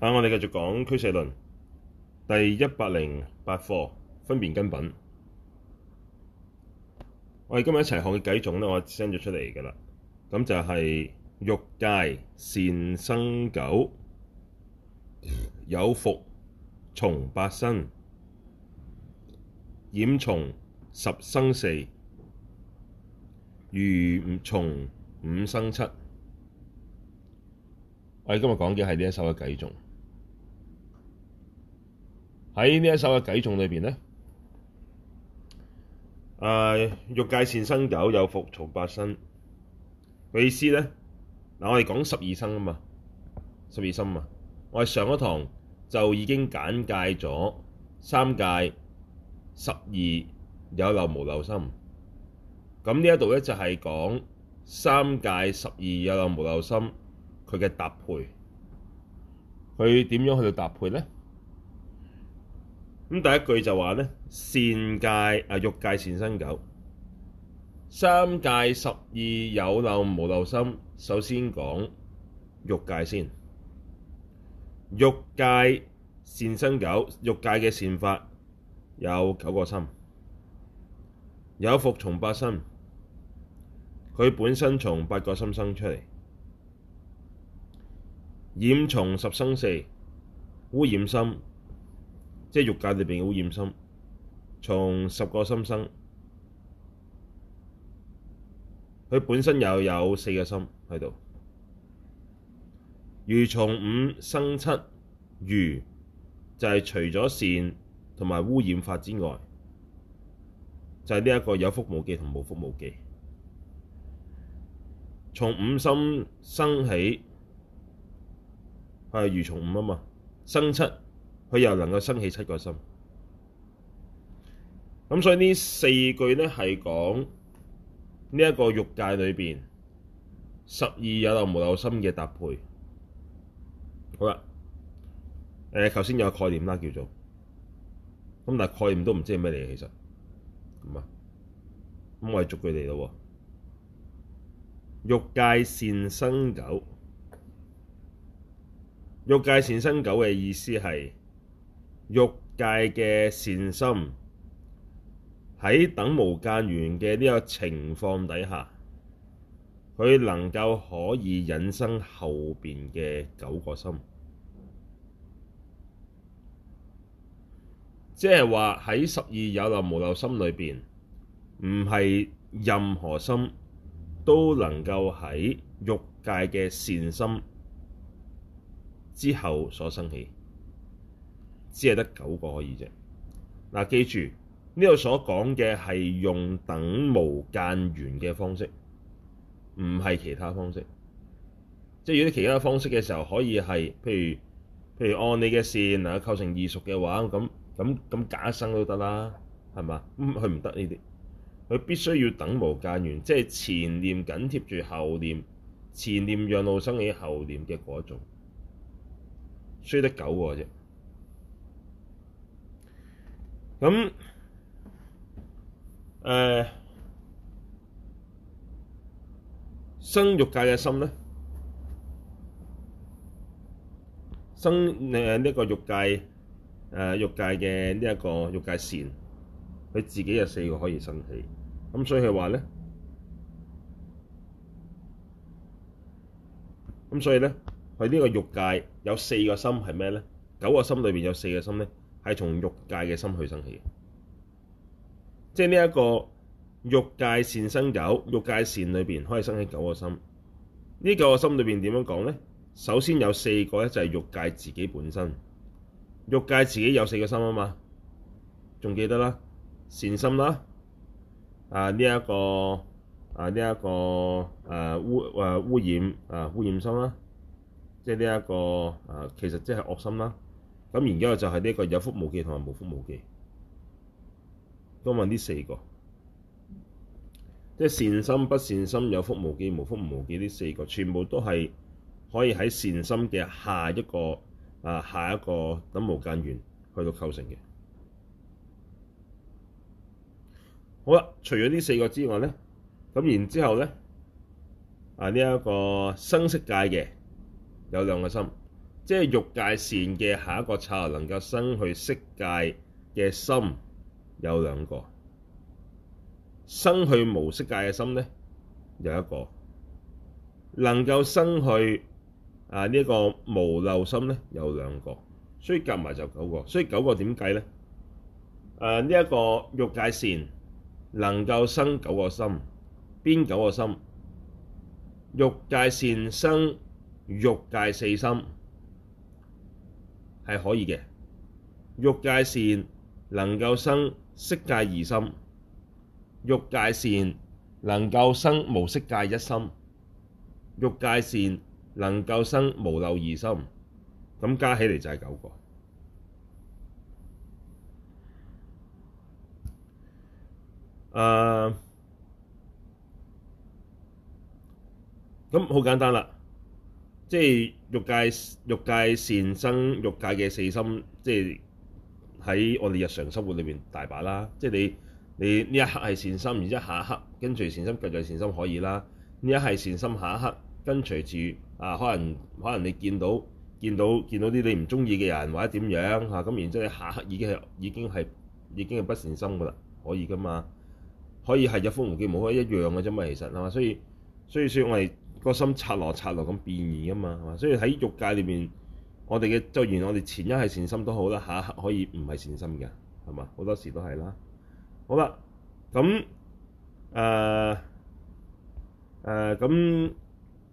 啊！我哋繼續講《俱舍論》第一百零八課分別根品。我哋今日一齊學嘅幾種咧，我 send 咗出嚟噶啦。咁就係欲界善生九，有復從八生，染從十生四，餘從五生七。我哋今日講嘅係呢一首嘅偈頌。喺呢一首嘅偈頌裏邊咧，啊，欲界善生九，有復從八生。佢、那個、意思咧，嗱我哋講十二生啊嘛，十二心啊，我哋上一堂就已經簡介咗三界十二有漏無漏心。咁呢一度咧就係、是、講三界十二有漏無漏心。佢嘅搭配，佢點樣去到搭配呢？咁第一句就話呢：善界啊，欲界善生九，三界十二有漏無漏心。首先講欲界先，欲界善生九，欲界嘅善法有九個心，有復從八生。佢本身從八個心生出嚟。染從十生四，污染心，即係欲界裏邊嘅污染心。從十個心生，佢本身又有四個心喺度。餘從五生七，餘就係、是、除咗善同埋污染法之外，就係呢一個有覆無記同冇覆無記。從五心生，生起。係餘從五啊嘛，生七，佢又能夠生起七個心。咁所以呢四句呢係講呢一個欲界裏邊十二有漏無漏心嘅搭配。好啦，誒頭先有個概念啦，叫做咁，但係概念都唔知係咩嚟嘅，其實，唔啊，咁我係捉佢哋嚟咯喎，欲界善生九。欲界善生九嘅意思係，欲界嘅善心喺等無間緣嘅呢個情況底下，佢能夠可以引生後邊嘅九個心，即係話喺十二有漏無漏心裏邊，唔係任何心都能夠喺欲界嘅善心，之後所生起，只係得九個可以啫。嗱，記住呢度所講嘅係用等無間緣嘅方式，唔係其他方式。即係如果其他方式嘅時候，可以係譬如譬如按你嘅線，嗱構成二熟嘅話，咁咁咁假生都、嗯、得啦，係嘛？咁佢唔得呢啲，佢必須要等無間緣，即係前念緊貼住後念，前念讓路生起後念嘅嗰種。衰得九喎啫。咁，誒，生欲界嘅心咧，生誒呢個欲界，誒欲界嘅呢一個欲界善，佢自己有四個可以生起。咁所以佢話咧，咁所以咧，佢呢個欲界。有四個心係咩咧？九個心裏邊有四個心咧，係從欲界嘅心去生起嘅。即係呢一個欲界善生九，欲界善裏邊可以生起九個心。呢九個心裏邊點樣講咧？首先有四個咧，就係欲界自己本身。欲界自己有四個心啊嘛，仲記得啦？善心啦，啊呢一、這個啊呢一、這個誒、啊、污誒、啊、污染誒、啊、污染心啦。即係呢一個誒、啊，其實即係惡心啦。咁、這個，然之後就係呢一個有覆無記同埋無覆無記。都問呢四個。即係善心、不善心、有覆無記、無覆無記。呢四個，全部都係可以喺善心嘅下一個啊，下一個等無間緣去到構成嘅。好啦，除咗呢四個之外咧，咁然之後咧啊，呢、這、一個生色界嘅。有兩個心，即係欲界善嘅下一個剎那能夠生去色界嘅心有兩個，生去無色界嘅心咧有一個，能夠生去啊呢一個無漏心咧有兩個，所以夾埋就九個，所以九個點計咧？誒呢一個欲界善能夠生九個心，邊九個心？欲界善生。欲界四心係可以嘅，欲界善能夠生色界二心，欲界善能夠生無色界一心，欲界善能夠生無漏二心，咁加起嚟就係九個。誒、啊，咁好簡單啦。即係欲界欲界善生，欲界嘅四心，即係喺我哋日常生活裏面大把啦。即係你你呢一刻係善心，然之後下一刻跟隨善心繼續善心可以啦。呢一係善心，下一刻跟隨住啊，可能可能你見到見到見到見到啲你唔中意嘅人或者點樣嚇，咁、啊、然之後你下一刻已經係已經係已經係不善心㗎啦，可以㗎嘛？可以係有風無劍，冇開一樣嘅啫嘛，其實係嘛，所以所以說我哋。個心擦落擦落咁變異啊嘛，所以喺欲界裏面，我哋嘅就原來我哋前一係善心都好啦，下一刻可以唔係善心嘅，係嘛？好多時都係啦。好啦，咁誒誒咁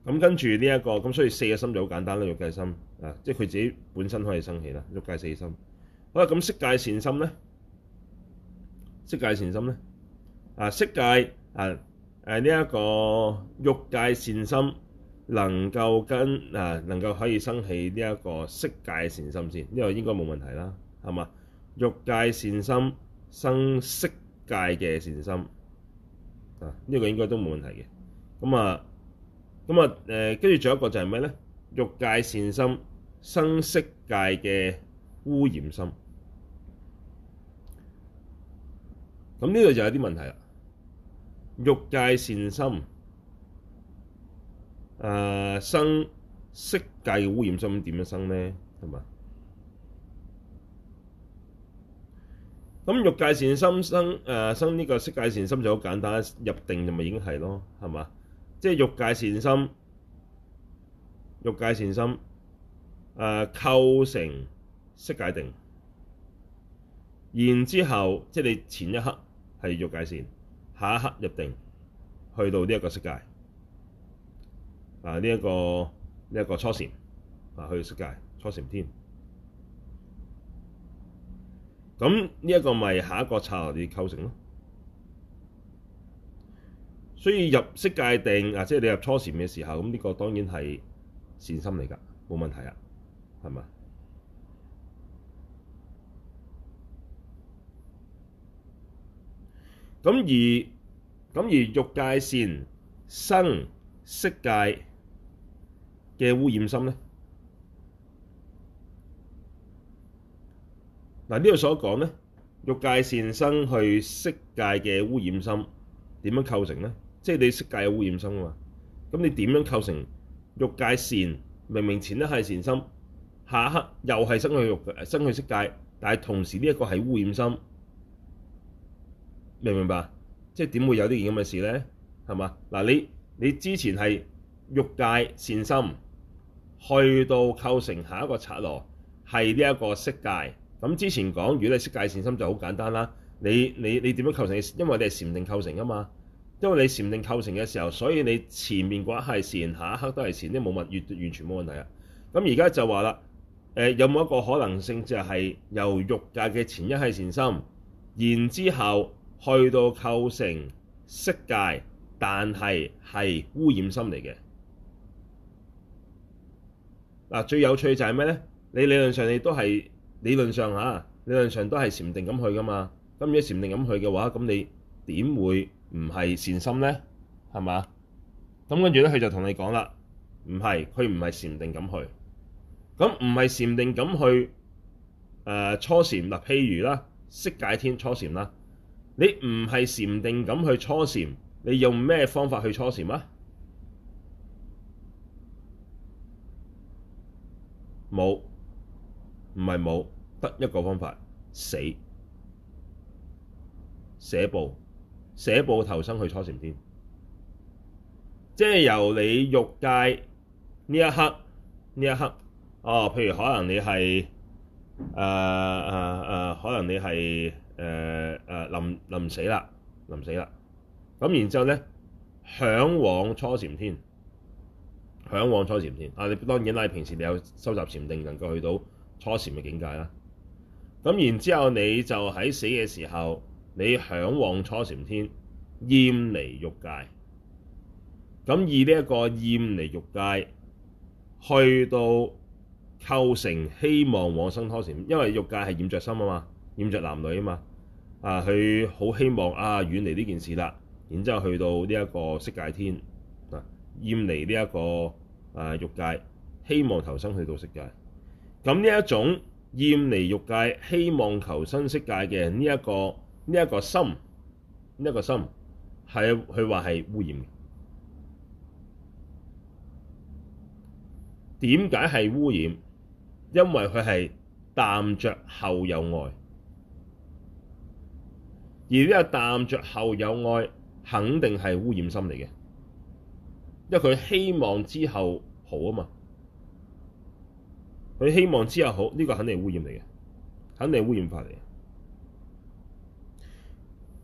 咁跟住呢一個咁，所以四個心就好簡單啦。欲界心啊，即係佢自己本身可以生起啦。欲界四心好啦，咁色界善心咧，色界善心咧啊，色界啊。誒呢一個欲界善心能夠跟啊能夠可以生起呢一個色界善心先，呢、這個應該冇問題啦，係嘛？欲界善心生色界嘅善心，啊、這、呢個應該都冇問題嘅。咁、嗯、啊，咁啊誒，跟住仲有一個就係咩咧？欲界善心生色界嘅污染心，咁呢度就有啲問題啦。欲界善心，誒、呃、生色界嘅污染心點樣生咧？係嘛？咁欲界善心生，誒、呃、生呢個色界善心就好簡單，入定就咪已經係咯，係嘛？即係欲界善心，欲界善心，誒、呃、構成色界定，然之後即係、就是、你前一刻係欲界善。下一刻入定，去到呢一個色界，啊呢一個呢一個初禪，啊去到色界初禪天。咁呢一個咪下一個策略嘅構成咯。所以入色界定啊，即係你入初禪嘅時候，咁呢個當然係善心嚟㗎，冇問題啊，係咪？咁而咁而欲界善生色界嘅污染心咧，嗱呢度所講咧，欲界善生去色界嘅污染心點樣構成咧？即係你色界有污染心啊嘛，咁你點樣構成欲界善？明明前一刻善心，下一刻又係生去欲生去色界，但係同時呢一個係污染心。明唔明白？即係點會有啲咁嘅事咧？係嘛嗱？你你之前係欲界善心，去到構成下一個察羅係呢一個色界。咁之前講，如果你色界善心就好簡單啦。你你你點樣構成？因為你係禪定構成啊嘛。因為你禪定構成嘅時候，所以你前面嗰一刻係善，下一刻都係善，都冇問，完完全冇問題啊。咁而家就話啦，誒有冇一個可能性就係由欲界嘅前一係善心，然之後。去到構成色界，但係係污染心嚟嘅嗱。最有趣就係咩咧？你理論上你都係理論上吓，理論上都係禪定咁去噶嘛。咁如果禪定咁去嘅話，咁你點會唔係善心咧？係嘛？咁跟住咧，佢就同你講啦，唔係佢唔係禪定咁去，咁唔係禪定咁去、呃、初禪嗱，譬如啦色界天初禪啦。你唔係禪定咁去初禪，你用咩方法去初禪啊？冇，唔係冇，得一個方法，死，捨報，捨報投生去初禪先，即係由你欲界呢一刻，呢一刻，哦，譬如可能你係，誒誒誒，可能你係。誒誒，臨臨、呃呃、死啦，臨死啦，咁然之後咧，向往初禪天，向往初禪天。啊，你當然啦，平時你有收集禪定，能夠去到初禪嘅境界啦。咁然之後，你就喺死嘅時候，你向往初禪天，厭離欲界。咁以呢一個厭離欲界，去到構成希望往生初禪，因為欲界係染着心啊嘛。染着男女啊嘛，啊佢好希望啊遠離呢件事啦，然之後去到呢一個色界天、這個、啊，厭離呢一個啊欲界，希望求生去到色界。咁呢一種厭離欲界，希望求生色界嘅呢一個呢一、這個心，呢、這個心係佢話係污染嘅。點解係污染？因為佢係貪着後有愛。而呢個啖着後有愛，肯定係污染心嚟嘅，因為佢希望之後好啊嘛。佢希望之後好，呢、這個肯定係污染嚟嘅，肯定係污染法嚟嘅。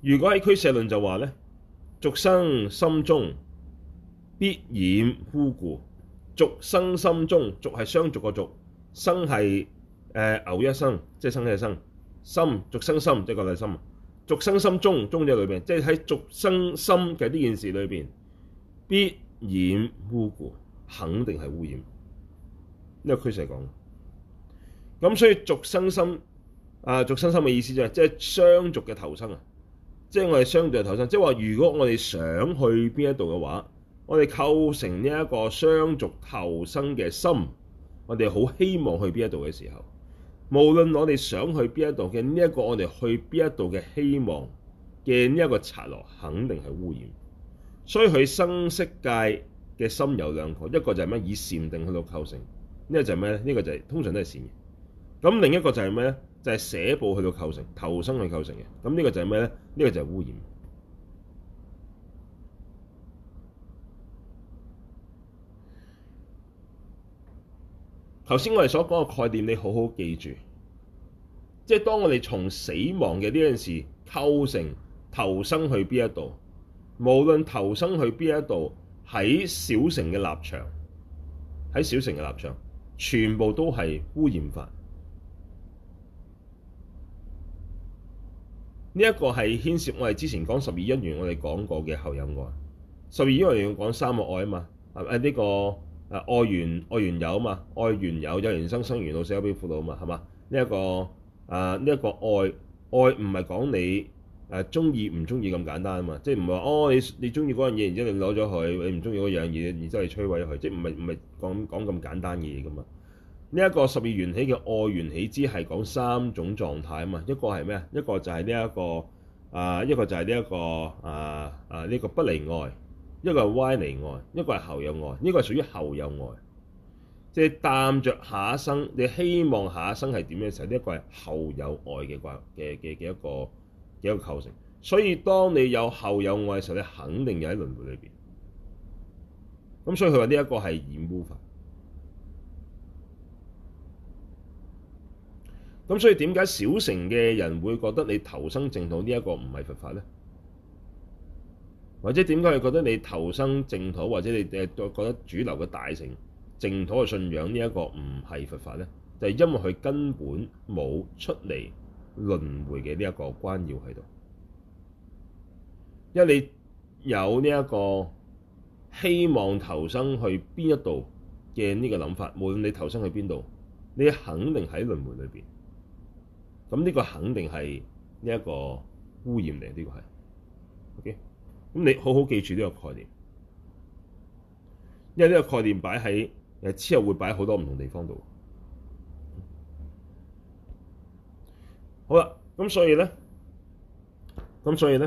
如果喺俱舍論就話咧，續生心中，必染污故，續生心中續係雙續個續」是，呃「生係誒牛一生，即係生氣嘅生心續生心，即係個內心。續生心中，中者裏邊，即係喺續生心嘅呢件事裏邊，必染污故，肯定係污染。呢、這個區是講。咁所以續生心啊，續生心嘅意思就係、是，即、就、係、是、雙族嘅投生啊，即、就、係、是、我哋雙族嘅投生，即係話如果我哋想去邊一度嘅話，我哋構成呢一個雙族投生嘅心，我哋好希望去邊一度嘅時候。無論我哋想去邊一度嘅呢一個，我哋去邊一度嘅希望嘅呢一個剎那，肯定係污染。所以佢生色界嘅心有兩個，一個就係咩？以禪定去到構成，呢、這個就係咩咧？呢、這個就係、是、通常都係善嘅。咁另一個就係咩咧？就係捨報去到構成，投生去構成嘅。咁、這、呢個就係咩咧？呢、這個就係污染。頭先我哋所講嘅概念，你好好記住。即係當我哋從死亡嘅呢件事構成投生去邊一度，無論投生去邊一度，喺小城嘅立場，喺小城嘅立場，全部都係污染法。呢、這、一個係牽涉我哋之前講十二因緣，我哋講過嘅後有愛。十二因緣講三個愛啊嘛？係、這、呢個？誒愛緣愛緣有嘛？愛緣有，有緣生，生緣老死憂悲苦惱嘛？係嘛？呢、這、一個誒呢一個愛，愛唔係講你誒中意唔中意咁簡單啊嘛？即係唔係話哦，你你中意嗰樣嘢，然之後你攞咗佢；你唔中意嗰樣嘢，然之後你，你摧毀佢。即係唔係唔係講講咁簡單嘅嘢噶嘛？呢、這、一個十二緣起嘅愛緣起之係講三種狀態啊嘛。一個係咩、這個、啊？一個就係呢一個啊，一個就係呢一個啊，啊呢、這個不離愛。一個係歪離愛，一個係後有愛，呢個係屬於後有愛，即係擔着下生，你希望下生係點嘅時候，呢、這、一個係後有愛嘅關嘅嘅嘅一個嘅一個構成。所以當你有後有愛嘅時候，你肯定又喺輪迴裏邊。咁所以佢話呢一個係染污法。咁所以點解小乘嘅人會覺得你投生淨土呢一個唔係佛法咧？或者點解你覺得你投生淨土，或者你誒覺得主流嘅大乘淨土嘅信仰呢一個唔係佛法咧？就係、是、因為佢根本冇出嚟輪迴嘅呢一個關要喺度，因為你有呢一個希望投生去邊一度嘅呢個諗法，無論你投生去邊度，你肯定喺輪迴裏邊。咁呢個肯定係呢一個污染嚟，呢、這個係 OK。咁你好好記住呢個概念，因為呢個概念擺喺誒之後會擺喺好多唔同地方度。好啦，咁所以咧，咁所以咧，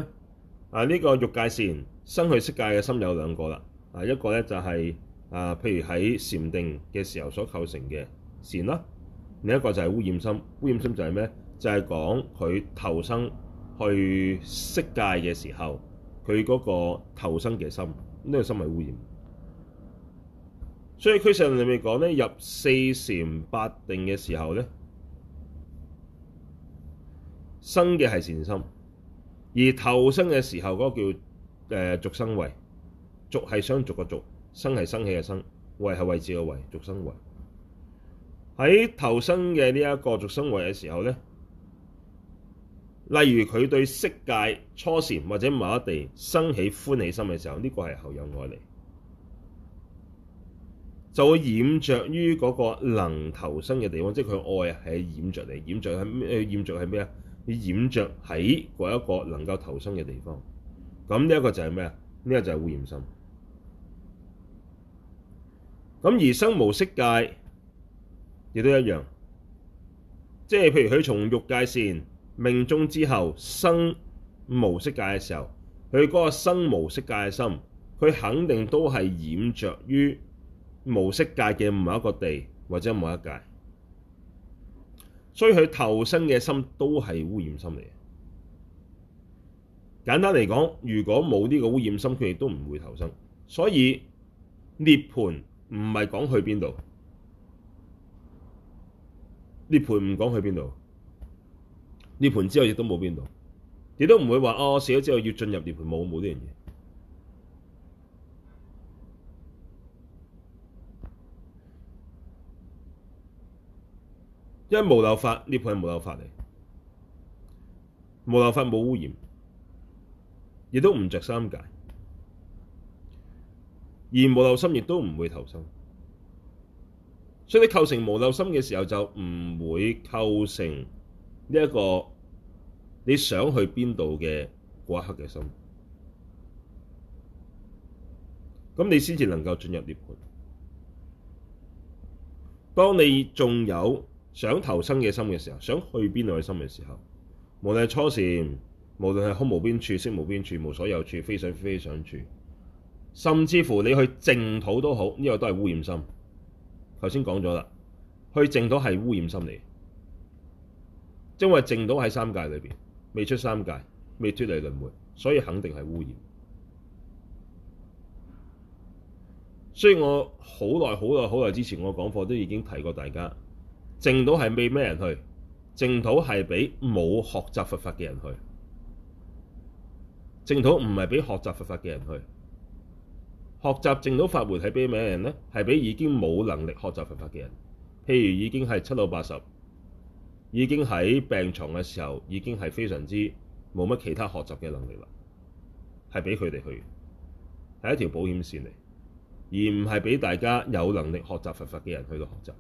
啊呢、這個欲界線生去色界嘅心有兩個啦。啊，一個咧就係、是、啊，譬如喺禪定嘅時候所構成嘅善啦，另一個就係污染心。污染心就係咩？就係講佢投生去色界嘅時候。佢嗰個投生嘅心，呢個心係污染。所以《俱舍》裏面講咧，入四禪八定嘅時候咧，生嘅係善心，而投生嘅時候嗰個叫誒續生位，續係相續嘅續，生係生起嘅生，位係位置嘅位，續生位。喺投生嘅呢一個續生位嘅時候咧。例如佢對色界初禪或者某一地生起歡喜心嘅時候，呢個係後有愛嚟，就會染着於嗰個能投生嘅地方，即係佢愛啊，係染着嚟，染着喺誒染着係咩啊？染著喺嗰一個能夠投生嘅地方。咁呢一個就係咩啊？呢一個就係污染心。咁而生無色界亦都一樣，即係譬如佢從欲界善。命終之後生無色界嘅時候，佢嗰個生無色界嘅心，佢肯定都係染着於無色界嘅某一個地或者某一界，所以佢投生嘅心都係污染心嚟。簡單嚟講，如果冇呢個污染心，佢亦都唔會投生。所以涅槃唔係講去邊度，涅槃唔講去邊度。涅盤之後亦都冇變到，亦都唔會話哦死咗之後要進入涅盤冇冇呢樣嘢，因為無漏法涅盤係無漏法嚟，無漏法冇污染，亦都唔着三界，而無漏心亦都唔會投生，所以你構成無漏心嘅時候就唔會構成。呢一個你想去邊度嘅嗰一刻嘅心，咁你先至能夠進入涅槃。當你仲有想投生嘅心嘅時候，想去邊度嘅心嘅時候，無論係初禪，無論係空無邊處、色無邊處、無所有處、非想非非想處，甚至乎你去淨土都好，呢個都係污染心。頭先講咗啦，去淨土係污染心嚟。因為淨土喺三界裏邊，未出三界，未脫離輪迴，所以肯定係污染。所以我好耐好耐好耐之前，我講課都已經提過大家，淨土係俾咩人去？淨土係俾冇學習佛法嘅人去。淨土唔係俾學習佛法嘅人去。學習淨土法門係俾咩人呢？係俾已經冇能力學習佛法嘅人，譬如已經係七老八十。已經喺病床嘅時候，已經係非常之冇乜其他學習嘅能力啦，係畀佢哋去，係一條保險線嚟，而唔係畀大家有能力學習佛法嘅人去度學習，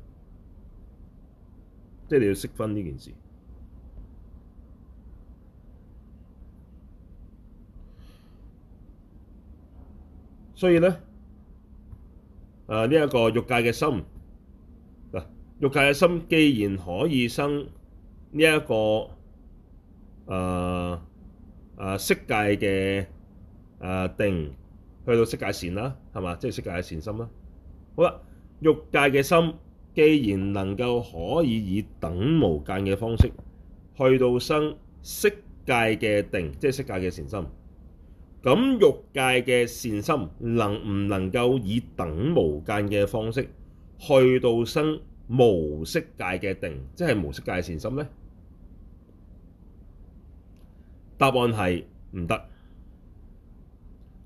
即係你要識分呢件事。所以咧，誒呢一個欲界嘅心，嗱、啊、欲界嘅心既然可以生。呢一、這個誒誒、啊啊、色界嘅誒、啊、定，去到色界善啦，係嘛？即係色界嘅善心啦。好啦，欲界嘅心既然能夠可以以等無間嘅方式去到生色界嘅定，即係色界嘅善，善心，咁欲界嘅善心能唔能夠以等無間嘅方式去到生無色界嘅定，即係無色界嘅善心咧？答案係唔得，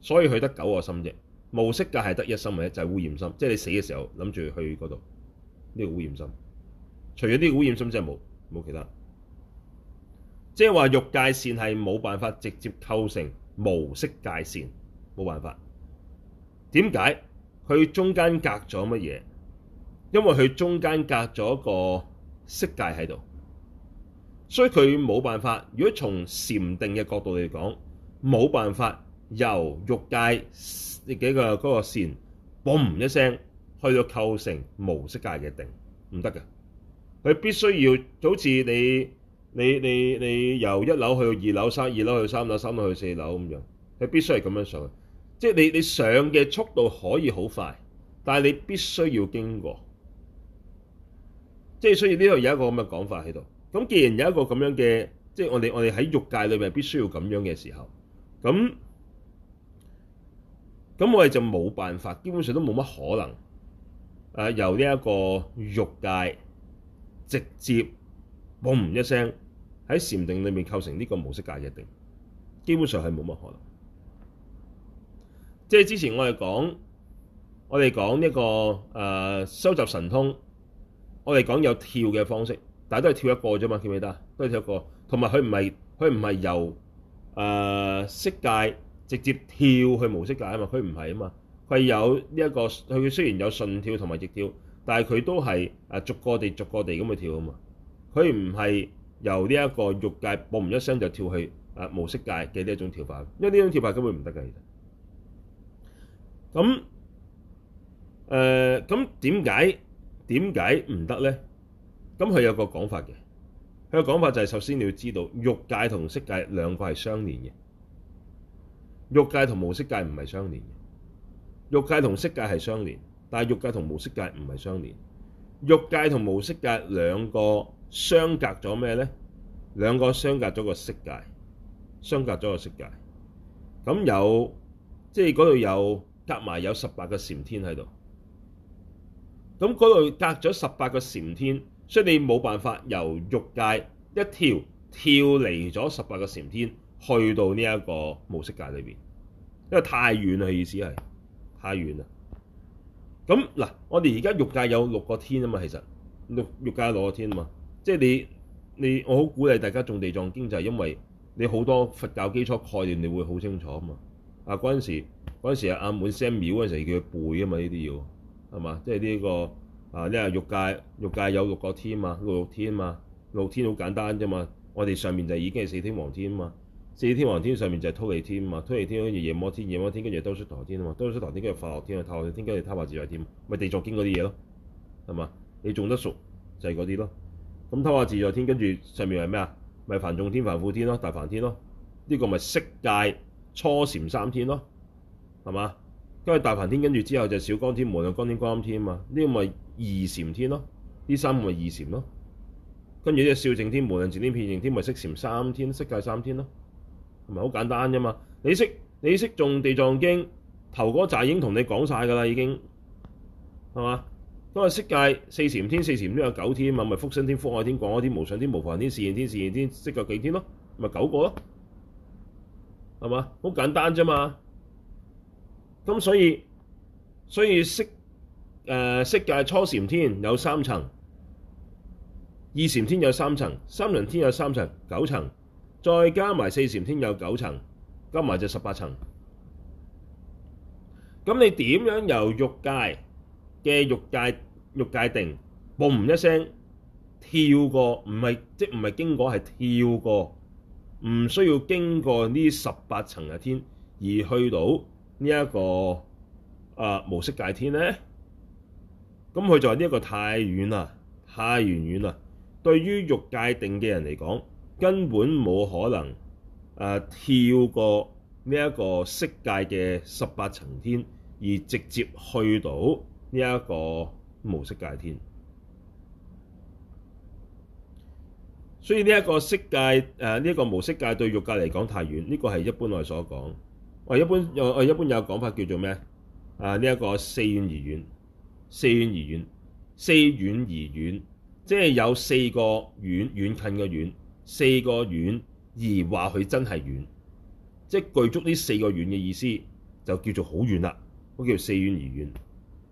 所以佢得九個心啫。無色界係得一心嘅，就係污染心，即係你死嘅時候諗住去嗰度，呢個污染心。除咗呢個污染心之外，冇冇其他。即係話欲界線係冇辦法直接構成無色界線，冇辦法。點解？佢中間隔咗乜嘢？因為佢中間隔咗個色界喺度。所以佢冇辦法。如果從禪定嘅角度嚟講，冇辦法由欲界呢幾個嗰個善，嘣一聲去到構成無色界嘅定，唔得嘅。佢必須要好似你你你你，你由一樓去到二樓三二樓去三樓三樓去四樓咁樣，佢必須係咁樣上去。即係你你上嘅速度可以好快，但係你必須要經過。即係所以呢度有一個咁嘅講法喺度。咁既然有一個咁樣嘅，即係我哋我哋喺欲界裏邊必須要咁樣嘅時候，咁咁我哋就冇辦法，基本上都冇乜可能。誒，由呢一個欲界直接嘣一聲喺禪定裏面構成呢個模式界一定，基本上係冇乜可能。即係之前我哋講，我哋講呢個誒收集神通，我哋講有跳嘅方式。但係都係跳一個啫嘛，跳唔得，都係跳一個。同埋佢唔係，佢唔係由誒色、呃、界直接跳去無色界啊嘛，佢唔係啊嘛，佢有呢、這、一個。佢雖然有順跳同埋逆跳，但係佢都係誒逐個地、逐個地咁去跳啊嘛。佢唔係由呢一個欲界爆唔一聲就跳去誒無色界嘅呢一種跳法，因為呢種跳法根本唔得㗎。咁誒，咁點解點解唔得咧？咁佢有個講法嘅，佢嘅講法就係首先你要知道欲界同色界兩個係相連嘅，欲界同無色界唔係相連嘅，欲界同色界係相連，但係欲界同無色界唔係相連。欲界同無色界兩個相隔咗咩咧？兩個相隔咗個色界，相隔咗個色界。咁有即係嗰度有隔埋有十八個禪天喺度，咁嗰度隔咗十八個禪天。即係你冇辦法由欲界一跳跳離咗十八個禪天，去到呢一個無色界裏邊，因為太遠啦。意思係太遠啦。咁嗱，我哋而家欲界有六個天啊嘛，其實六欲界有六個天啊嘛。即係你你我好鼓勵大家種地藏經就係、是、因為你好多佛教基礎概念你會好清楚啊嘛。啊嗰陣時嗰陣時啊啱滿聲廟嗰陣時佢背啊嘛，呢啲要係嘛？即係呢、這個。啊！你話欲界欲界有六個天嘛？六欲天嘛？六天好簡單啫嘛！我哋上面就已經係四天王天嘛。四天王天上面就係忉利天嘛。忉利天跟住夜摩天，夜摩天跟住兜率陀天嘛。兜率陀天跟住化樂天啊，化樂天跟住他化自在天，咪地作經嗰啲嘢咯，係嘛？你種得熟就係嗰啲咯。咁他化自在天跟住上面係咩啊？咪、就是、梵眾天、梵輔天咯，大梵天咯。呢、這個咪色界初禪三天咯，係嘛？跟住大梵天跟住之後就少光天、無量光天、光音天啊嘛。呢個咪～二禪天咯，呢三咪二禪咯，跟住啲少淨天、無量淨天、遍淨天咪、就是、色禪三天、色界三天咯，係咪好簡單啫嘛。你識你識中地藏經頭嗰集已經同你講晒噶啦，已經係嘛？咁啊色界四禪天、四禪都有九天嘛，咪福生天、福愛天、廣果天、無想天、無煩天、善現天、善現天，色界幾天咯？咪九個咯，係嘛？好簡單啫嘛。咁所以所以識。誒、uh, 色界初禪天有三層，二禪天有三層，三禪天有三層，九層，再加埋四禪天有九層，加埋就十八層。咁你點樣由欲界嘅欲界欲界定，嘣一聲跳過，唔係即唔係經過係跳過，唔需要經過呢十八層嘅天而去到呢、這、一個啊、呃、無色界天咧？咁佢就係呢一個太遠啦，太遠遠啦。對於欲界定嘅人嚟講，根本冇可能、呃、跳過呢一個色界嘅十八層天，而直接去到呢一個無色界天。所以呢一個色界呢一個、呃呢一個無色界對欲界嚟講太遠，呢、呢個係一般我哋所講。我一般我、呃一般呃、一般有個講法叫做咩？啊呢一個四遠而遠。四遠而遠，四遠而遠，即係有四個遠遠近嘅遠，四個遠而話佢真係遠，即係具足呢四個遠嘅意思，就叫做好遠啦。嗰叫四遠而遠，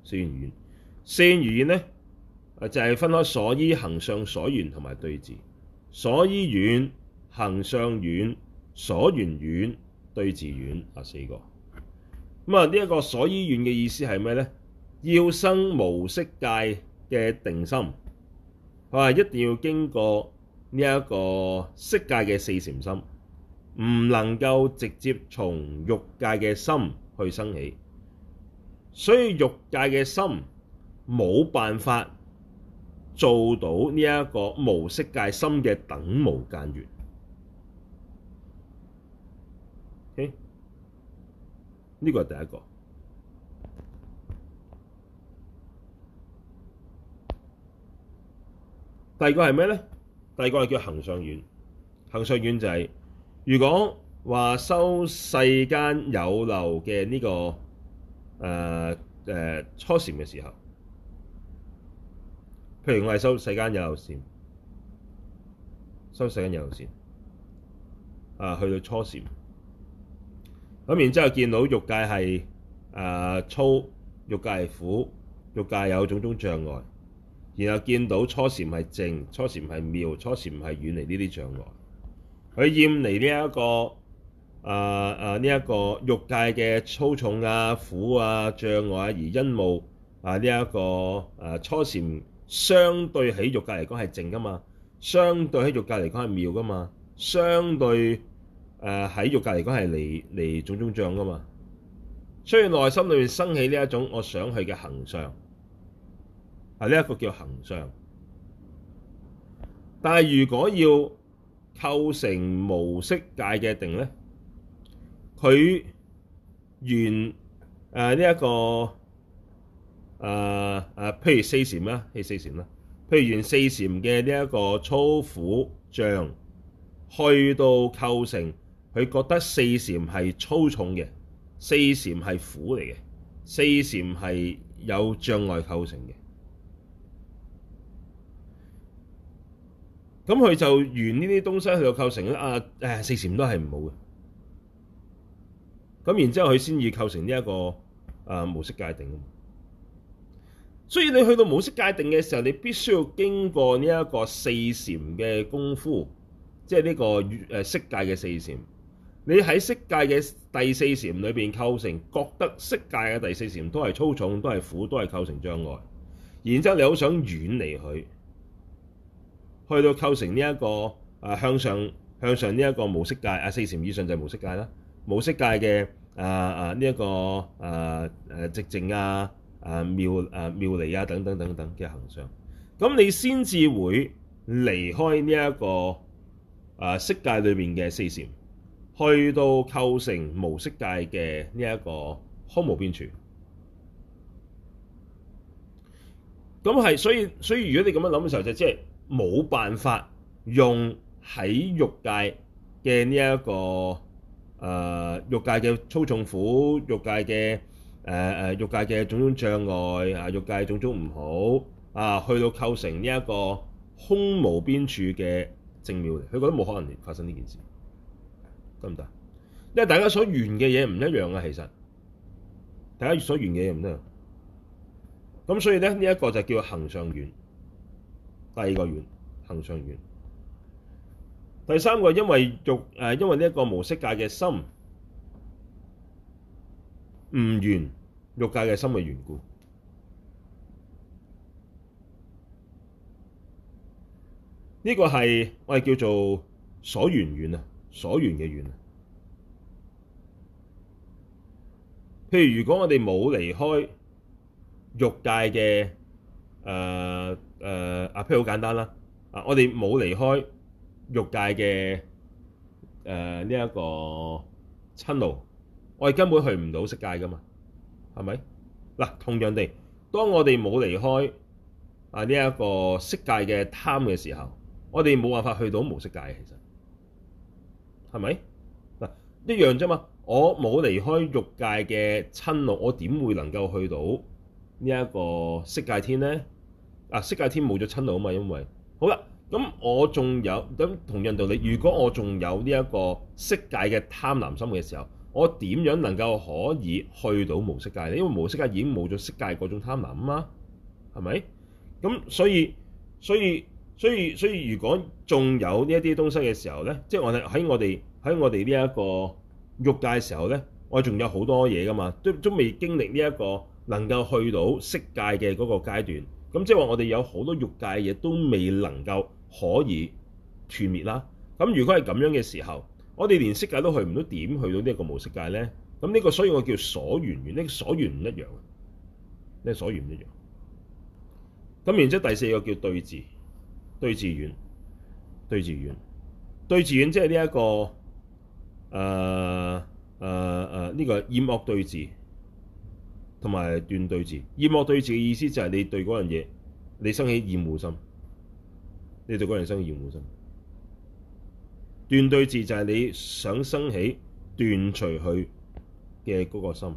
四遠而遠，四遠而遠咧，就係、是、分開所依、行相、所緣同埋對治。所依遠、行相遠、所緣遠、對治遠啊，四個。咁啊，呢一個所依遠嘅意思係咩咧？要生無色界嘅定心，佢話一定要經過呢一個色界嘅四禪心，唔能夠直接從欲界嘅心去生起，所以欲界嘅心冇辦法做到呢一個無色界心嘅等無間緣。呢個係第一個。第二個係咩呢？第二個係叫行相遠。行相遠就係、是、如果話修世間有漏嘅呢個呃,呃初禪嘅時候，譬如我係修世間有漏禪，修世間有漏禪啊，去到初禪，咁然之後見到欲界係誒、呃、粗，欲界係苦，欲界是有種種障礙。然後見到初禪係靜，初禪係妙，初禪唔係遠離呢啲障礙。佢厭離呢一個誒呢一個欲界嘅粗重呀、啊、苦呀、啊、障礙呀、啊，而欣慕啊呢一、這個誒、啊、初禪相對喺欲界嚟講係靜㗎嘛，相對喺欲界嚟講係妙㗎嘛，相對誒喺欲界嚟講係離離種種障㗎嘛。所以內心裏面生起呢一種我想去嘅行相。係呢一個叫行相，但係如果要構成無色界嘅定咧，佢緣誒呢一個誒誒、啊啊，譬如四禪啦，係四禪啦，譬如緣四禪嘅呢一個粗苦障，去到構成佢覺得四禪係粗重嘅，四禪係苦嚟嘅，四禪係有障礙構成嘅。咁佢就緣呢啲東西，佢就構成啊，誒、哎、四禪都係唔好嘅。咁然之後佢先至構成呢、這、一個啊無色界定。所以你去到無色界定嘅時候，你必須要經過呢一個四禪嘅功夫，即係呢個誒色界嘅四禪。你喺色界嘅第四禪裏面構成覺得色界嘅第四禪都係粗重，都係苦，都係構成障礙。然之後你好想遠離佢。去到構成呢、這、一個啊、呃、向上向上呢一個無色界啊四禪以上就係無色界啦，無色界嘅、呃、啊、這個呃、直啊呢一個啊誒寂靜啊妙啊妙啊妙離啊等等等等嘅行相，咁你先至會離開呢、這、一個啊、呃、色界裏面嘅四禪，去到構成無色界嘅呢一個空無邊處。咁係所以所以如果你咁樣諗嘅時候就即、是、係。冇辦法用喺欲界嘅呢一個誒欲、呃、界嘅粗重苦欲界嘅誒誒欲界嘅種種障礙啊欲界種種唔好啊去到構成呢一個空無邊處嘅靜妙嚟，佢覺得冇可能發生呢件事得唔得？因為大家所緣嘅嘢唔一樣啊，其實大家所緣嘅嘢唔一樣，咁所以咧呢一、這個就叫做行相遠。第二個遠，行相遠；第三個，因為欲誒，因為呢一個無色界嘅心唔緣欲界嘅心嘅緣故，呢個係我哋叫做所緣遠啊，所緣嘅遠啊。譬如如果我哋冇離開欲界嘅誒。誒啊，譬如好簡單啦，啊，我哋冇離開欲界嘅誒呢一個親路，我哋根本去唔到色界噶嘛，係咪？嗱，同樣地，當我哋冇離開啊呢一個色界嘅貪嘅時候，我哋冇辦法去到無色界嘅，其實係咪？嗱，一樣啫嘛，我冇離開欲界嘅親路，我點會能夠去到呢一個色界天咧？啊！色界天冇咗親路啊嘛，因為好啦。咁我仲有咁同樣道理，如果我仲有呢一個色界嘅貪婪心嘅時候，我點樣能夠可以去到無色界呢？因為無色界已經冇咗色界嗰種貪婪啊嘛，係咪？咁所以所以所以所以，所以所以所以所以如果仲有呢一啲東西嘅時候咧，即係我哋喺我哋喺我哋呢一個欲界嘅時候咧，我仲有好多嘢㗎嘛，都都未經歷呢一個能夠去到色界嘅嗰個階段。咁即係話我哋有好多欲界嘅嘢都未能夠可以斷滅啦。咁如果係咁樣嘅時候，我哋連色界都去唔到，點去到呢一個無色界咧？咁呢個所以我叫所緣遠。與呢所緣唔一樣。呢所緣唔一樣。咁然之後第四個叫對治。對治遠，對治遠，對治遠，即係呢一個誒誒誒呢個厭惡對治。同埋斷對治。厭惡對治嘅意思就係你對嗰樣嘢，你生起厭惡心；你對嗰樣嘢生厭惡心。斷對治就係你想生起斷除佢嘅嗰個心。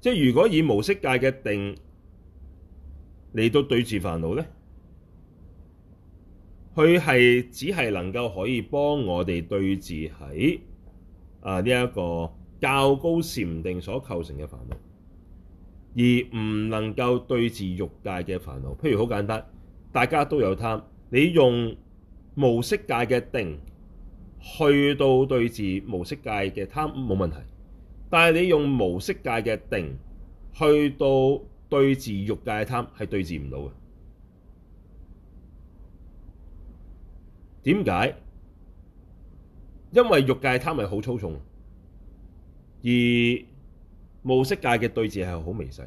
即係如果以無色界嘅定嚟到對治煩惱咧，佢係只係能夠可以幫我哋對治喺啊呢一、這個。較高禪定所構成嘅煩惱，而唔能夠對治欲界嘅煩惱。譬如好簡單，大家都有貪，你用無色界嘅定去到對治無色界嘅貪冇問題，但係你用無色界嘅定去到對治欲界嘅貪係對治唔到嘅。點解？因為欲界嘅貪係好粗重。而無色界嘅對治係好微細，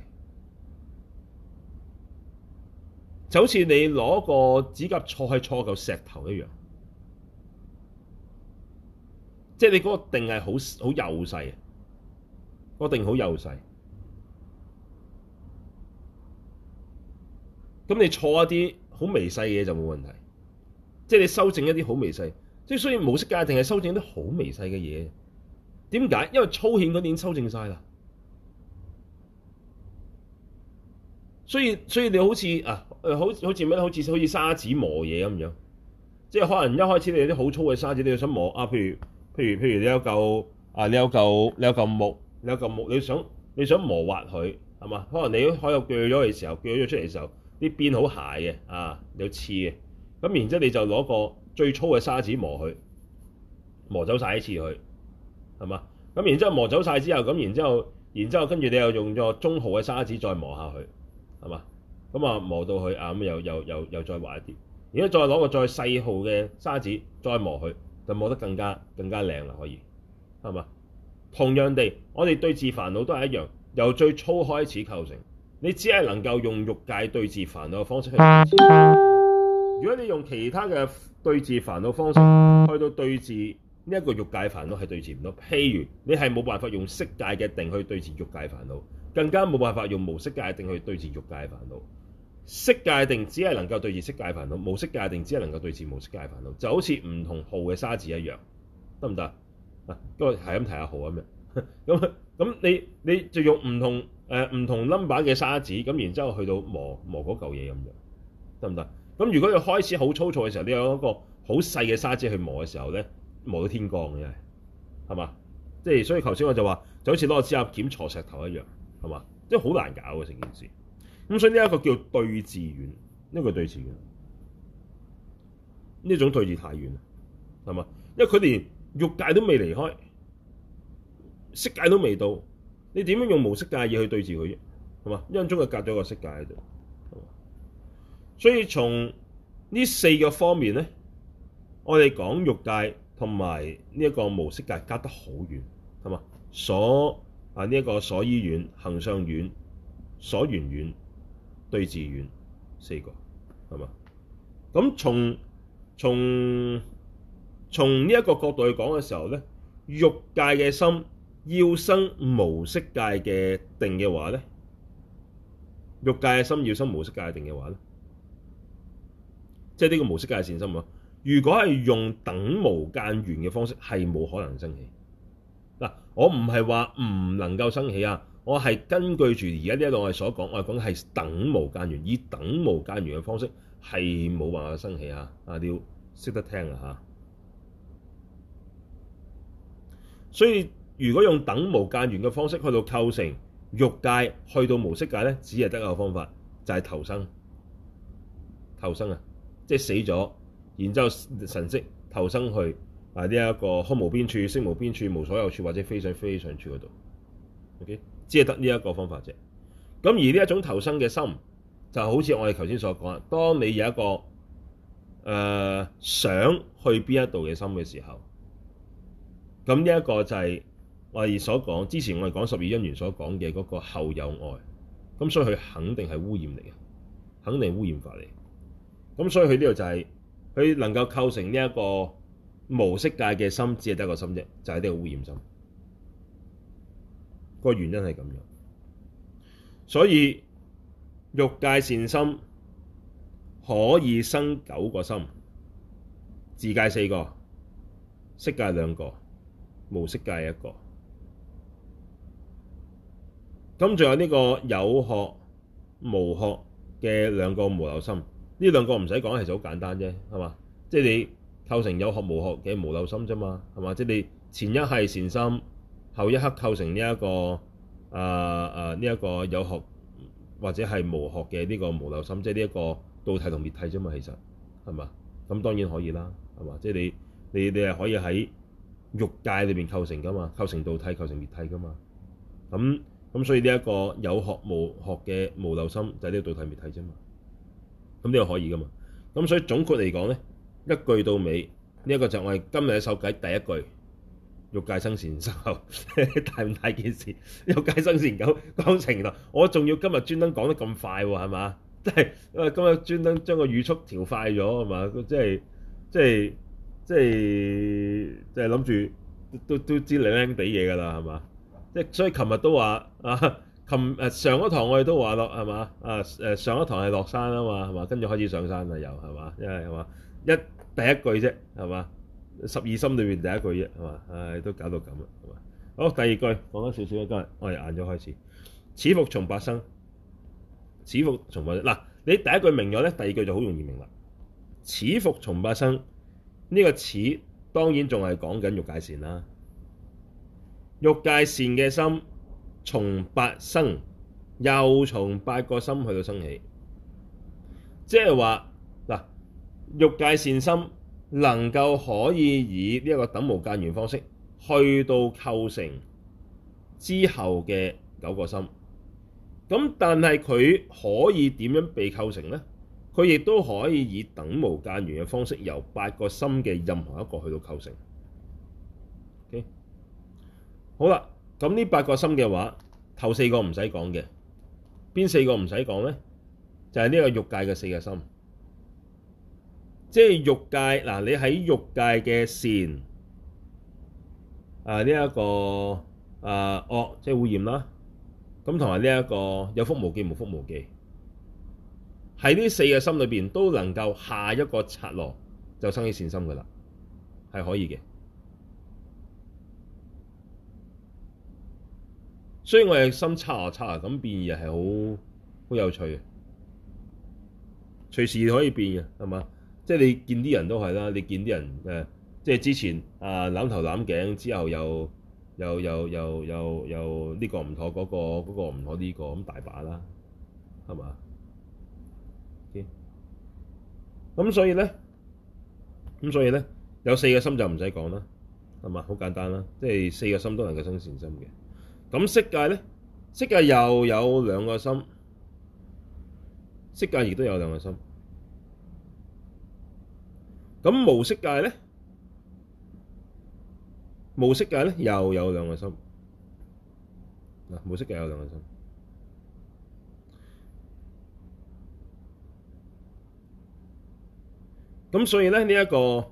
就好似你攞個指甲錯喺錯嚿石頭一樣，即係你嗰個定係好好幼細，個定好幼細，咁你錯一啲好微細嘅嘢就冇問題，即係你修正一啲好微細，即係所以無色界定係修正一啲好微細嘅嘢。點解？因為粗顯嗰啲修正晒啦，所以所以你好似啊，好好似咩好似好似沙子磨嘢咁樣，即係可能一開始你有啲好粗嘅沙子，你想磨啊？譬如譬如譬如你有嚿啊，你有嚿你有嚿，你有嚿木，你有嚿木，你想你想磨滑佢係嘛？可能你可有鋸咗嘅時候，鋸咗出嚟嘅時候啲邊好鞋嘅啊，你有刺嘅，咁然之後你就攞個最粗嘅沙子磨佢，磨走晒一次佢。係嘛？咁然之後磨走晒之後，咁然之後，然之後跟住你又用咗中號嘅砂紙再磨下去，係嘛？咁啊磨到佢啊，咁又又又又再滑一啲。如果再攞個再細號嘅砂紙再磨佢，就磨得更加更加靚啦，可以係嘛？同樣地，我哋對治煩惱都係一樣，由最粗開始構成。你只係能夠用欲界對治煩惱嘅方式去。如果你用其他嘅對治煩惱方式去到對治，呢一個欲界煩惱係對治唔到，譬如你係冇辦法用色界嘅定去對治欲界煩惱，更加冇辦法用無色界定去對治欲界煩惱。色界定只係能夠對治色界煩惱，無色界定只係能夠對治無色界煩惱。就好似唔同號嘅沙子一樣，得唔得啊？因為係咁睇下號咁樣咁咁，你你就用唔同誒唔、呃、同 number 嘅沙子咁，然之後去到磨磨嗰嚿嘢咁樣，得唔得？咁如果你開始好粗糙嘅時候，你有一個好細嘅沙子去磨嘅時候咧？磨到天光嘅真係，係嘛？即係所以，頭先我就話，就好似攞個指甲鉗鑿石頭一樣，係嘛？即係好難搞嘅成件事。咁所以呢一個叫對治遠，呢個對治遠，呢種對治太遠啦，係嘛？因為佢連欲界都未離開，色界都未到，你點樣用無色界嘢去對治佢啫？係嘛？中間隔咗個色界喺度，所以從呢四個方面咧，我哋講欲界。同埋呢一個無色界隔得好遠，係嘛？所啊，呢、這、一個所依遠，行相遠，所緣遠、對治遠，四個係嘛？咁從從從呢一個角度去講嘅時候咧，欲界嘅心要生無色界嘅定嘅話咧，欲界嘅心要生無色界定嘅話咧，即係呢個無色界的善心喎。如果係用等無間緣嘅方式，係冇可能升起。嗱，我唔係話唔能夠升起啊！我係根據住而家呢啲我係所講，我係講係等無間緣，以等無間緣嘅方式係冇辦法升起啊！啊，你要識得聽啊！嚇，所以如果用等無間緣嘅方式去到構成欲界，去到無色界咧，只係得一個方法，就係投生。投生啊！即係死咗。然之後神識投生去，係呢一個空無邊處、識無邊處、無所有處，或者非想非非想處嗰度。OK，只係得呢一個方法啫。咁而呢一種投生嘅心，就好似我哋頭先所講啊。當你有一個誒、呃、想去邊一度嘅心嘅時候，咁呢一個就係我哋所講之前我哋講十二因緣所講嘅嗰個後有愛。咁所以佢肯定係污染嚟嘅，肯定係污染法嚟。咁所以佢呢度就係、是。佢能夠構成呢一個無色界嘅心，只係得一個心啫，就係、是、呢個污染心。個原因係咁樣，所以欲界善心可以生九個心，自界四個，色界兩個，無色界一個。咁仲有呢個有學無學嘅兩個無漏心。呢兩個唔使講，係就好簡單啫，係嘛？即係你構成有學無學嘅無漏心啫嘛，係嘛？即係你前一刻係善心，後一刻構成呢、這、一個、呃、啊啊呢一個有學或者係無學嘅呢個無漏心，即係呢一個道體同滅體啫嘛，其實係嘛？咁當然可以啦，係嘛？即係你你你係可以喺欲界裏邊構成㗎嘛，構成道體構成滅體㗎嘛。咁咁所以呢一個有學無學嘅無漏心就係呢個道體滅體啫嘛。咁呢個可以噶嘛？咁所以總括嚟講咧，一句到尾呢一、呢個就係我哋今日嘅度計第一句，欲界善生九。 大唔大件事？欲界善生九咁講情啦，我仲要今日專登講得咁快喎、啊，係嘛？即、就、係、是、今日專登將個語速調快咗係嘛？即係即係即係就係諗住都都知你靚地嘢㗎啦係嘛？即係、就是、所以琴日都話啊。咁誒上一堂我哋都話落係嘛，啊誒上一堂係落山啊嘛，係嘛，跟住開始上山啊又係嘛，因為係嘛一第一句啫係嘛，十二心裏邊第一句啫係嘛，唉都搞到咁啊，好第二句講多少少啊真係，今日我哋晏咗開始，此復從八生，此復從八生嗱，你第一句明咗咧，第二句就好容易明啦，此復從八生呢個「此」當然仲係講緊欲界善啦，欲界善嘅心。從八生，又從八個心去到生起是說，即係話嗱，欲界善心能夠可以以呢個個等無間緣方式去到構成之後嘅九個心，咁但係佢可以點樣被構成呢？佢亦都可以以等無間緣嘅方式由八個心嘅任何一個去到構成。好啦。咁呢八個心嘅話，頭四個唔使講嘅，邊四個唔使講咧？就係、是、呢個欲界嘅四個心，即係欲界嗱，你喺欲界嘅善啊呢一、這個啊惡，即、哦、係、就是、污染啦。咁同埋呢一個有覆無記，無覆無記，喺呢四個心裏面都能夠下一個剎那就生起善心㗎啦，係可以嘅。所以我係心差啊差啊咁變異係好好有趣嘅，隨時可以變嘅，係嘛？即係你見啲人都係啦，你見啲人誒，即係之前啊攬頭攬頸，之後又又又又又又呢個唔妥，嗰個嗰個唔妥，呢個咁大把啦，係嘛？咁所以咧，咁所以咧，有四個心就唔使講啦，係嘛？好簡單啦，即係四個心都能夠生善心嘅。咁色界呢，色界又有兩個心，色界亦都有兩個心。咁無色界呢，無色界呢又有兩個心嗱，無色界有兩個心。咁所以呢，呢一個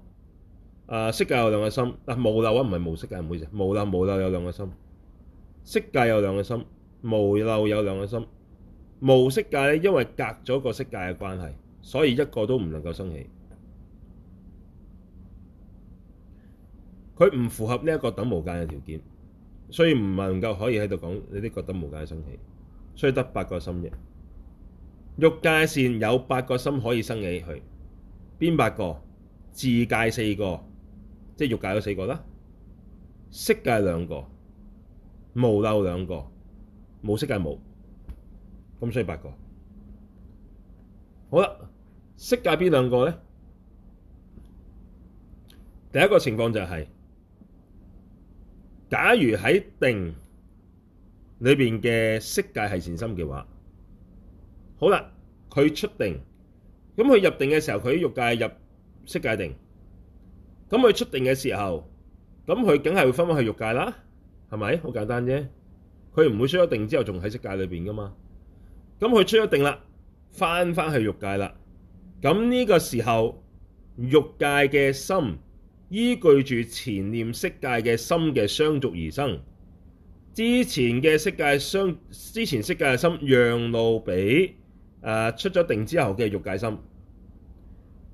誒色界有兩個心嗱，無漏啊，唔係無色界，唔好意思，無漏無漏有兩個心。色界有兩個心，無漏有兩個心。無色界咧，因為隔咗個色界嘅關係，所以一個都唔能夠生起。佢唔符合呢一個等無間嘅條件，所以唔能夠可以喺度講呢啲個等無間嘅生起，所以得八個心啫。欲界善有八個心可以生起去，邊八個？自界四個，即係欲界有四個啦，色界兩個。無漏兩個，無色界冇，咁所以八個。好啦，色界邊兩個咧？第一個情況就係，假如喺定裏邊嘅色界係善心嘅話，好啦，佢出定，咁佢入定嘅時候佢喺欲界入色界定，咁佢出定嘅時候，咁佢梗係會翻返去欲界啦。係咪好簡單啫？佢唔會出咗定之後仲喺色界裏邊噶嘛？咁佢出咗定啦，翻翻去欲界啦。咁呢個時候，欲界嘅心依據住前念色界嘅心嘅相續而生。之前嘅色界相，之前色界嘅心讓路俾誒出咗定之後嘅欲界心。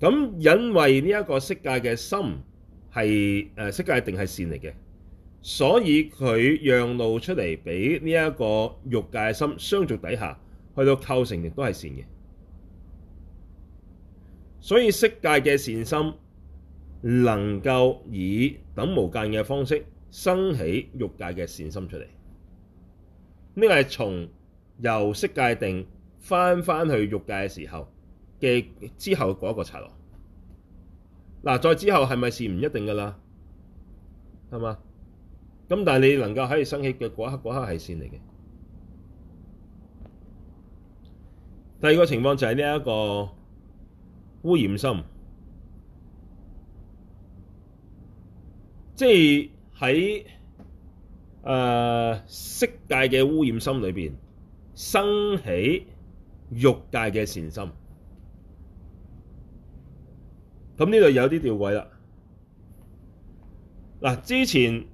咁因為呢一個色界嘅心係誒色界定係善嚟嘅。所以佢讓路出嚟俾呢一個欲界心相續底下，去到構成亦都係善嘅。所以色界嘅善心能夠以等無間嘅方式生起欲界嘅善心出嚟。呢個係從由色界定返返去欲界嘅時候嘅之後嗰一個策略。嗱，再之後係咪是唔一定㗎喇？係嘛？咁但係你能夠喺生起嘅嗰一刻，嗰刻係善嚟嘅。第二個情況就係呢一個污染心即，即係喺誒色界嘅污染心裏面，生起欲界嘅善心。咁呢度有啲吊詭啦。嗱，之前。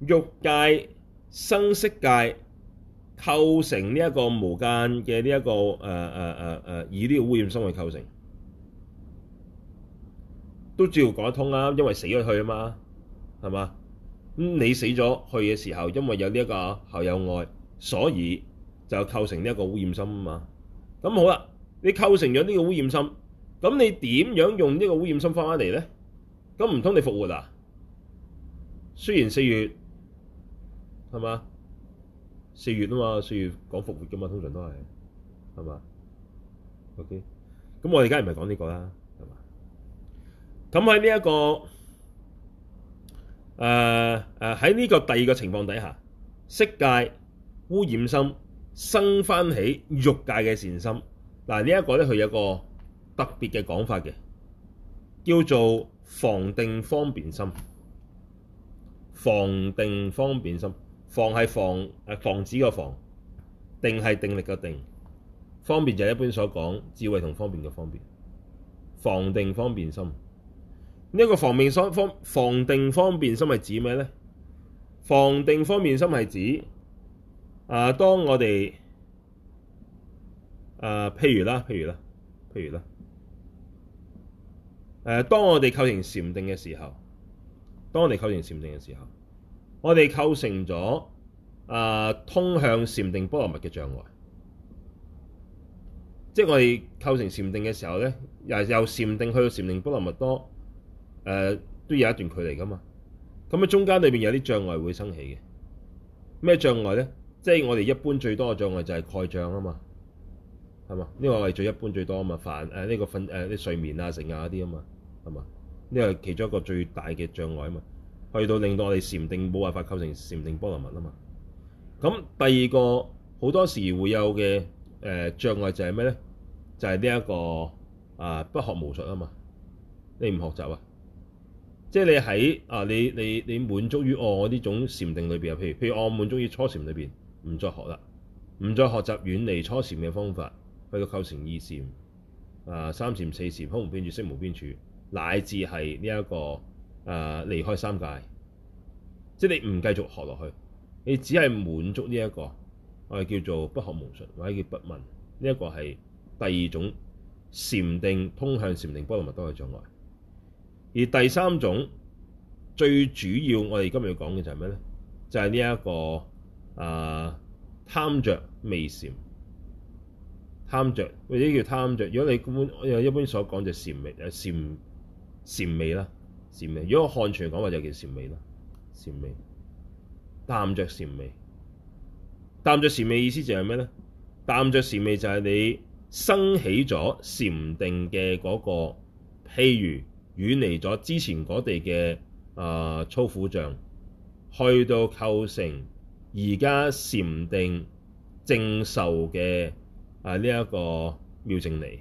欲界、生色界構成呢一個無間嘅呢一個誒誒誒誒，以呢個污染心去構成，都照要講得通啦、啊，因為死咗去啊嘛，係嘛？咁你死咗去嘅時候，因為有呢、這、一個後有愛，所以就構成呢一個污染心啊嘛。咁好啦，你構成咗呢個污染心，咁你點樣用呢個污染心翻返嚟咧？咁唔通你復活啊？雖然四月。係嘛？四月啊嘛，四月講復活嘅嘛，通常都係係嘛？OK，咁我哋而家唔係講呢個啦，係嘛？咁喺呢一個誒誒喺呢個第二個情況底下，色界污染心生翻起欲界嘅善心嗱，這個呢一個咧，佢有個特別嘅講法嘅，叫做防定方便心，防定方便心。防係防，誒，防止個防；定係定力個定。方便就係一般所講智慧同方便嘅方便。防定方便心呢、這個防定、防、防定方便心係指咩咧？防定方便心係指，指，啊，當我哋，啊，譬如啦，譬如啦，譬如啦，誒、啊，當我哋構成禪定嘅時候，當我哋構成禪定嘅時候。我哋構成咗啊、呃，通向禪定波羅蜜嘅障礙，即、就、係、是、我哋構成禪定嘅時候咧，又由禪定去到禪定波羅蜜多，誒、呃，都有一段距離噶嘛。咁啊，中間裏邊有啲障礙會生起嘅。咩障礙咧？即係我哋一般最多嘅障礙就係蓋障啊嘛，係嘛？呢、這個係最一般最多啊嘛，煩誒，呢、呃這個瞓誒，啲、呃、睡眠啊、成啊啲啊嘛，係嘛？呢、這個係其中一個最大嘅障礙啊嘛。去到令到我哋禪定冇辦法構成禪定波羅蜜啊嘛！咁第二個好多時會有嘅誒、呃、障礙就係咩咧？就係呢一個啊不學無術啊嘛！你唔學習啊，即係你喺啊你你你滿足於我呢種禪定裏邊啊，譬如譬如我滿足於初禪裏邊，唔再學啦，唔再學習遠離初禪嘅方法去到構成二禪啊三禪、四禪，空無邊處，色無邊處乃至係呢一個。誒、啊、離開三界，即係你唔繼續學落去，你只係滿足呢、這、一個，我哋叫做不學無術或者叫不問呢一、這個係第二種禪定通向禪定波羅蜜多嘅障礙。而第三種最主要，我哋今日要講嘅就係咩咧？就係呢一個誒、啊、貪着味禪。貪着，或者叫貪着。如果你一般又一般所講的就禪味誒禪禪味啦。禪味，如果漢傳講話就叫禪味咯，禪味，貪著禪味，貪著禪味意思就係咩咧？貪著禪味就係你升起咗禪定嘅嗰、那個，譬如遠離咗之前嗰地嘅啊粗苦障，去到構成而家禪定正受嘅啊呢一個妙正理。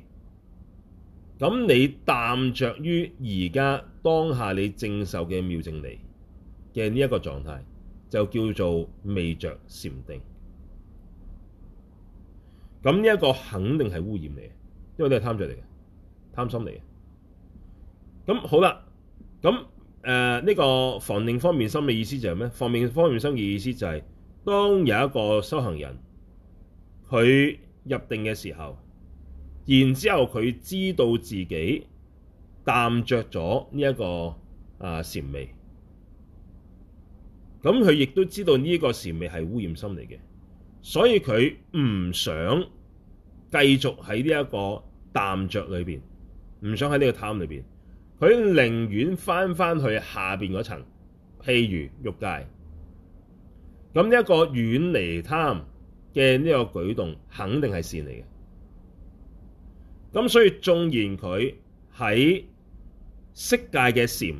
咁你淡着於而家當下你正受嘅妙正理嘅呢一個狀態，就叫做味着禪定。咁呢一個肯定係污染嚟嘅，因為你係貪着嚟嘅，貪心嚟嘅。咁好啦，咁誒呢個防定方便心嘅意思就係咩？防定方便心嘅意思就係、是、當有一個修行人，佢入定嘅時候，然之後佢知道自己貪著咗呢一個啊禪味，咁佢亦都知道呢個禪味係污染心嚟嘅，所以佢唔想繼續喺呢一個貪著裏邊，唔想喺呢個貪裏邊，佢寧願翻翻去下邊嗰層，譬如欲界。咁呢一個遠離貪嘅呢個舉動，肯定係善嚟嘅。咁所以縱然佢喺色界嘅禪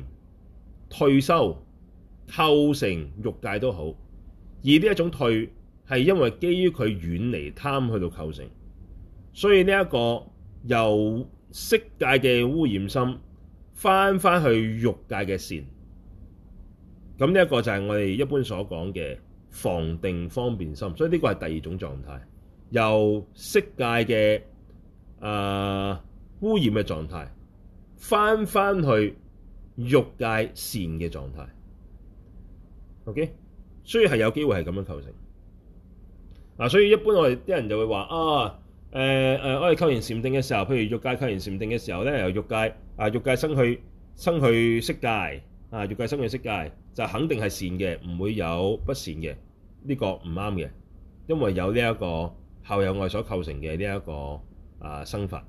退休構成欲界都好，而呢一種退係因為基於佢遠離貪去到構成，所以呢一個由色界嘅污染心返返去欲界嘅禪，咁呢一個就係我哋一般所講嘅防定方便心，所以呢個係第二種狀態，由色界嘅。誒、uh, 污染嘅狀態，翻翻去欲界善嘅狀態。OK，所以係有機會係咁樣構成嗱。Uh, 所以一般我哋啲人就會話啊，誒誒，我哋構完禪定嘅時候，譬如欲界構完禪定嘅時候咧，由欲界啊，欲、uh, 界生去生去色界啊，欲、uh, 界生去色界就肯定係善嘅，唔會有不善嘅。呢、這個唔啱嘅，因為有呢一個後有愛所構成嘅呢一個。啊，生法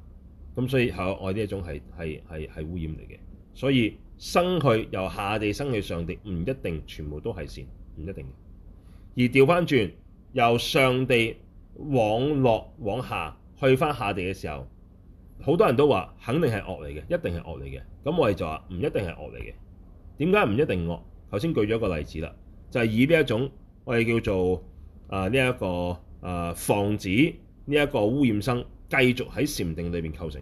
咁，所以係我呢一種係係係係污染嚟嘅。所以生去由下地生去上地，唔一定全部都係善，唔一定。而調翻轉由上地往落往下去翻下地嘅時候，好多人都話肯定係惡嚟嘅，一定係惡嚟嘅。咁我哋就話唔一定係惡嚟嘅。點解唔一定惡？頭先舉咗一個例子啦，就係、是、以呢一種我哋叫做啊呢一、這個啊防止呢一個污染生。繼續喺禪定裏邊構成，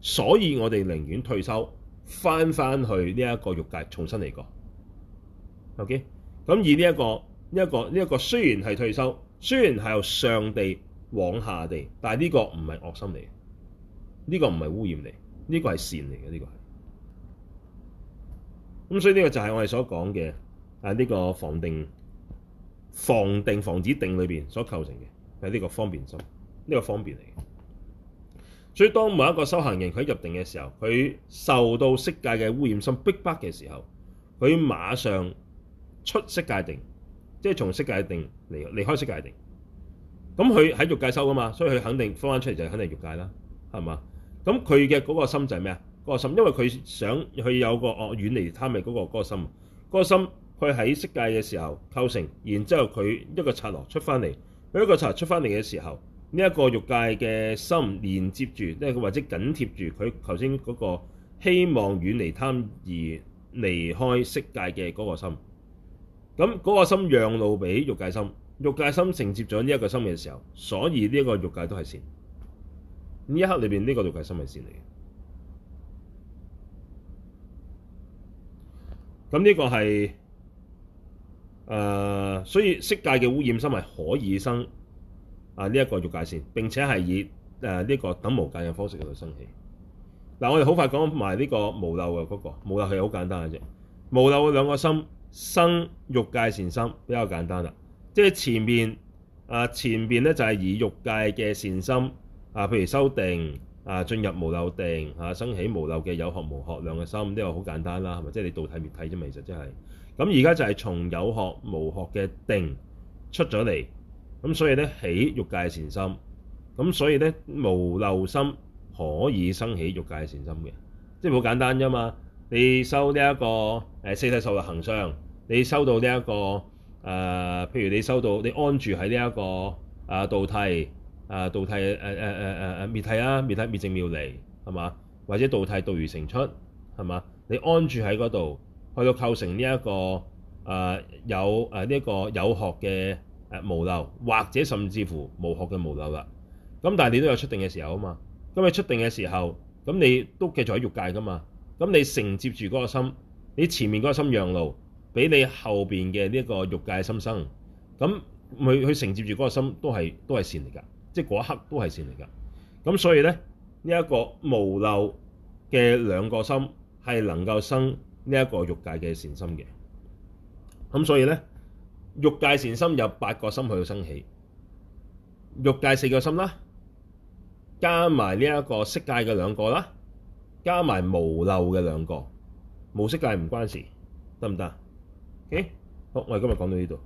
所以我哋寧願退休，翻翻去呢一個欲界重新嚟過。OK，咁而呢一個呢一個呢一個雖然係退休，雖然係由上地往下地，但係呢個唔係惡心嚟，呢個唔係污染嚟，呢個係善嚟嘅。呢個係，咁所以呢個就係我哋所講嘅，誒、啊、呢個防定、防定、防止定裏邊所構成嘅係呢個方便心，呢個方便嚟嘅。所以當某一個修行人佢入定嘅時候，佢受到色界嘅污染心逼迫嘅時候，佢馬上出色界定，即係從色界定離離開色界定。咁佢喺欲界修噶嘛，所以佢肯定翻出嚟就肯定欲界啦，係嘛？咁佢嘅嗰個心就係咩啊？嗰個心，因為佢想佢有個哦遠離貪欲嗰個嗰個心。嗰個心佢喺色界嘅時候構成，然之後佢一個剎落出翻嚟，佢一個剎出翻嚟嘅時候。呢一個欲界嘅心連接住，即係佢或者緊貼住佢頭先嗰個希望遠離貪而離開色界嘅嗰個心。咁嗰個心讓路俾欲界心，欲界心承接咗呢一個心嘅時候，所以呢一個欲界都係善。呢一刻裏邊，呢個欲界心係善嚟嘅。咁呢個係誒、呃，所以色界嘅污染心係可以生。啊！呢、這、一個欲界善，並且係以誒呢、啊這個等無界嘅方式去到生起。嗱、啊，我哋好快講埋呢個無漏嘅嗰個無漏係好簡單嘅啫。無漏嘅兩個心生欲界善心比較簡單啦，即、就、係、是、前面，啊前邊咧就係以欲界嘅善心啊，譬如修定啊，進入無漏定啊，生起無漏嘅有學無學兩個心，呢、這個好簡單啦，係咪？即、就、係、是、你道體滅體啫嘛，其實即係。咁而家就係從有學無學嘅定出咗嚟。咁所以咧起欲界善心，咁所以咧無漏心可以生起欲界善心嘅，即係好簡單啫嘛。你收呢、這、一個誒四諦十六行相，你收到呢、這、一個誒、呃，譬如你收到你安住喺呢一個啊道諦啊道諦誒誒誒誒誒滅諦啊滅諦滅靜妙離係嘛，或者道諦道如行出係嘛，你安住喺嗰度，去到構成呢、這、一個誒、啊、有誒呢、啊這個有學嘅。誒無漏，或者甚至乎無學嘅無漏啦。咁但係你都有出定嘅時候啊嘛。咁你出定嘅時候，咁你都繼續喺欲界噶嘛。咁你承接住嗰個心，你前面嗰個心讓路，俾你後邊嘅呢一個欲界嘅心生。咁佢去承接住嗰個，個，個心，都係都係善嚟㗎。即係嗰一刻都係善嚟㗎。咁所以咧，呢一個無漏嘅兩個心係能夠生呢一個欲界嘅善心嘅。咁所以咧。欲界善心有八個心去到生起，欲界四個心啦，加埋呢一個色界嘅兩個啦，加埋無漏嘅兩個，無色界唔關事，得唔得？OK，好，我哋今日講到呢度。